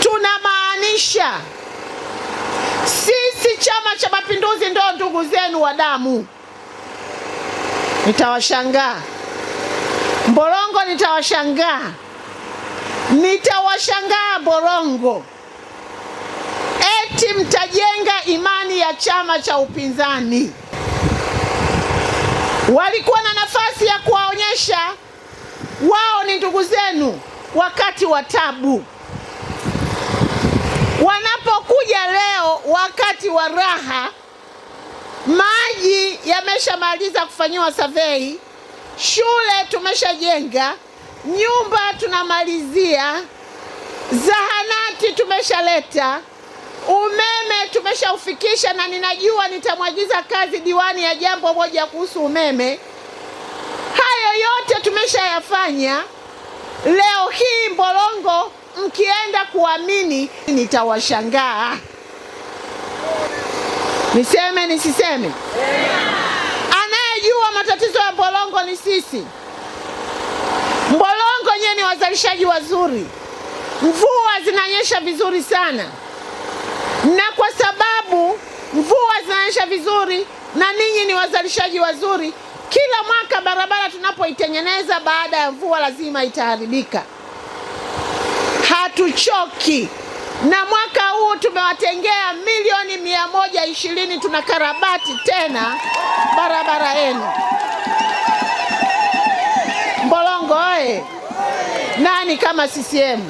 tunamaanisha sisi Chama cha Mapinduzi ndio ndugu zenu wa damu. Nitawashangaa Mborongo, nitawashangaa nitawashangaa Mborongo, eti mtajenga imani ya chama cha upinzani. Walikuwa na nafasi ya kuwaonyesha wao ni ndugu zenu wakati wa tabu, wanapokuja leo wakati wa raha, maji yameshamaliza kufanyiwa survey, shule tumeshajenga, nyumba tunamalizia, zahanati tumeshaleta umeme tumeshaufikisha, na ninajua nitamwagiza kazi diwani ya jambo moja kuhusu umeme. Hayo yote tumeshayafanya hii Mbolongo mkienda kuamini nitawashangaa. Niseme nisiseme? Anayejua matatizo ya mbolongo ni sisi. mbolongo nyewe ni wazalishaji wazuri, mvua zinanyesha vizuri sana, na kwa sababu mvua zinanyesha vizuri na ninyi ni wazalishaji wazuri, kila mwaka barabara tunapoitengeneza baada ya mvua lazima itaharibika hatuchoki na mwaka huu tumewatengea milioni mia moja ishirini tunakarabati tena barabara yenu Mbolongo oye! Nani kama CCM?